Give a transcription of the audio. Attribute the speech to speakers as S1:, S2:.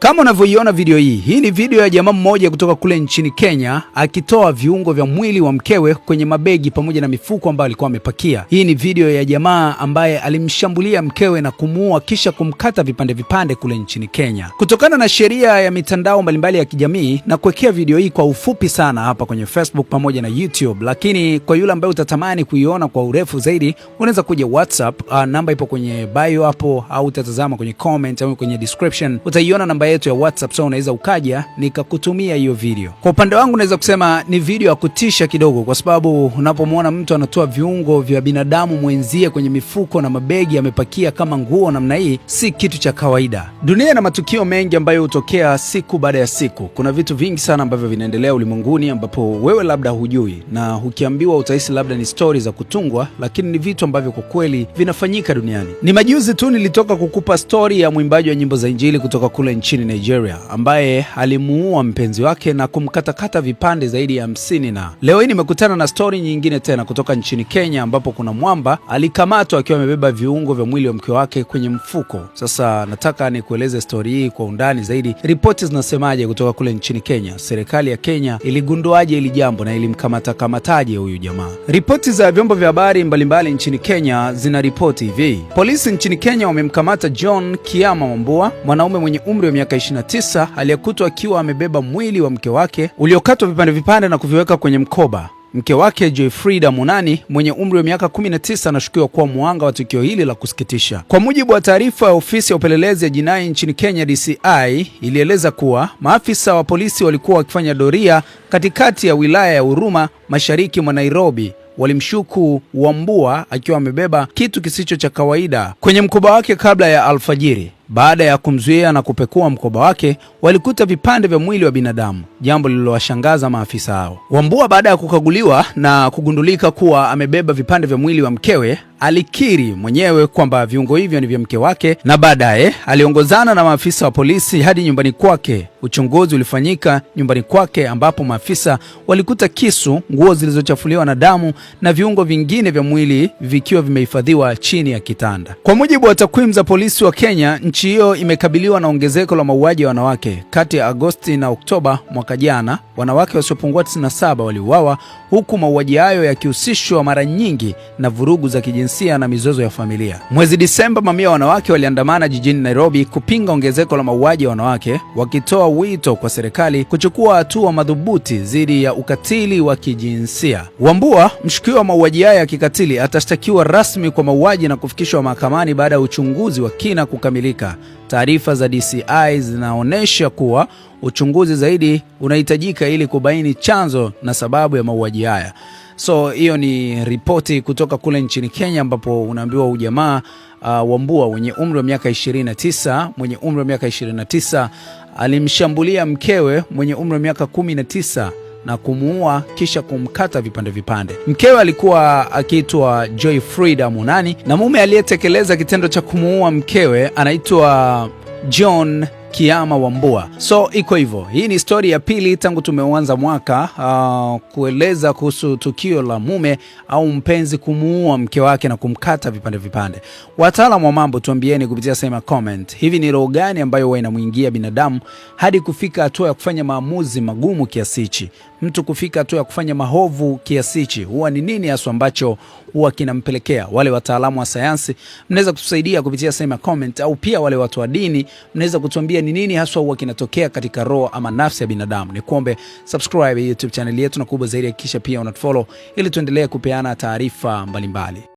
S1: Kama unavyoiona video hii, hii ni video ya jamaa mmoja kutoka kule nchini Kenya akitoa viungo vya mwili wa mkewe kwenye mabegi pamoja na mifuko ambayo alikuwa amepakia. Hii ni video ya jamaa ambaye alimshambulia mkewe na kumuua kisha kumkata vipande vipande kule nchini Kenya. Kutokana na sheria ya mitandao mbalimbali ya kijamii, na kuwekea video hii kwa ufupi sana hapa kwenye Facebook pamoja na YouTube, lakini kwa yule ambaye utatamani kuiona kwa urefu zaidi, unaweza kuja WhatsApp, uh, namba ipo kwenye bio hapo, au utatazama kwenye comment au kwenye description, utaiona namba yetu ya WhatsApp, so unaweza ukaja nikakutumia hiyo video. Kwa upande wangu naweza kusema ni video ya kutisha kidogo, kwa sababu unapomwona mtu anatoa viungo vya binadamu mwenzie kwenye mifuko na mabegi amepakia kama nguo namna hii, si kitu cha kawaida. Dunia na matukio mengi ambayo hutokea siku baada ya siku. Kuna vitu vingi sana ambavyo vinaendelea ulimwenguni ambapo wewe labda hujui, na ukiambiwa utahisi labda ni stori za kutungwa, lakini ni vitu ambavyo kwa kweli vinafanyika duniani. Ni majuzi tu nilitoka kukupa stori ya mwimbaji wa nyimbo za Injili kutoka kule nchini nchini Nigeria ambaye alimuua mpenzi wake na kumkatakata vipande zaidi ya hamsini. Na leo hii nimekutana na stori nyingine tena kutoka nchini Kenya ambapo kuna mwamba alikamatwa akiwa amebeba viungo vya mwili wa mke wake kwenye mfuko. Sasa nataka nikueleze stori hii kwa undani zaidi. Ripoti zinasemaje kutoka kule nchini Kenya? Serikali ya Kenya iligunduaje hili jambo na ilimkamatakamataje huyu jamaa? Ripoti za vyombo vya habari mbalimbali nchini Kenya zinaripoti hivi: polisi nchini Kenya wamemkamata John Kiama Wambua, mwanaume mwenye umri wa miaka miaka 29 aliyekutwa akiwa amebeba mwili wa mke wake uliokatwa vipande vipande na kuviweka kwenye mkoba. Mke wake Joyfrida Munani mwenye umri wa miaka 19 anashukiwa kuwa mwanga wa tukio hili la kusikitisha. Kwa mujibu wa taarifa ya ofisi ya upelelezi ya jinai nchini Kenya DCI, ilieleza kuwa maafisa wa polisi walikuwa wakifanya doria katikati ya wilaya ya Huruma mashariki mwa Nairobi walimshuku Wambua akiwa amebeba kitu kisicho cha kawaida kwenye mkoba wake kabla ya alfajiri. Baada ya kumzuia na kupekua mkoba wake, walikuta vipande vya mwili wa binadamu, jambo lililowashangaza maafisa hao. Wambua, baada ya kukaguliwa na kugundulika kuwa amebeba vipande vya mwili wa mkewe, alikiri mwenyewe kwamba viungo hivyo ni vya mke wake, na baadaye aliongozana na maafisa wa polisi hadi nyumbani kwake. Uchunguzi ulifanyika nyumbani kwake, ambapo maafisa walikuta kisu, nguo zilizochafuliwa na damu na viungo vingine vya mwili vikiwa vimehifadhiwa chini ya kitanda. Kwa mujibu wa takwimu za polisi wa Kenya, nchi Nchi hiyo imekabiliwa na ongezeko la mauaji ya wanawake. Kati ya Agosti na Oktoba mwaka jana, wanawake wasiopungua 97 waliuawa, huku mauaji hayo yakihusishwa mara nyingi na vurugu za kijinsia na mizozo ya familia. Mwezi Disemba, mamia ya wanawake waliandamana jijini Nairobi kupinga ongezeko la mauaji ya wanawake, wakitoa wito kwa serikali kuchukua hatua madhubuti dhidi ya ukatili wa kijinsia. Wambua, mshukiwa wa mauaji hayo ya kikatili, atashtakiwa rasmi kwa mauaji na kufikishwa mahakamani baada ya uchunguzi wa kina kukamilika. Taarifa za DCI zinaonyesha kuwa uchunguzi zaidi unahitajika ili kubaini chanzo na sababu ya mauaji haya. So hiyo ni ripoti kutoka kule nchini Kenya, ambapo unaambiwa ujamaa uh, wa mbua mwenye umri wa miaka 29 mwenye umri wa miaka 29 alimshambulia mkewe mwenye umri wa miaka 19 na kumuua kisha kumkata vipande vipande. Mkewe alikuwa akiitwa Joy Frida Munani na mume aliyetekeleza kitendo cha kumuua mkewe anaitwa John kiama wa mbua. So iko hivyo, hii ni stori ya pili tangu tumeuanza mwaka uh, kueleza kuhusu tukio la mume au mpenzi kumuua mke wake na kumkata vipande vipande. wataalam wa mambo, tuambieni kupitia sema comment, hivi ni roho gani ambayo huwa inamwingia binadamu hadi kufika hatua ya kufanya maamuzi magumu kiasichi mtu kufika hatua ya kufanya mahovu kiasichi Huwa ni nini haswa ambacho huwa kinampelekea? Wale wataalamu wa sayansi mnaweza kutusaidia kupitia sema comment, au pia wale watu wa dini mnaweza kutuambia kuangalia ni nini haswa huwa kinatokea katika roho ama nafsi ya binadamu. Ni kuombe subscribe YouTube channel yetu, na kubwa zaidi hakikisha pia unatufollow ili tuendelee kupeana taarifa mbalimbali.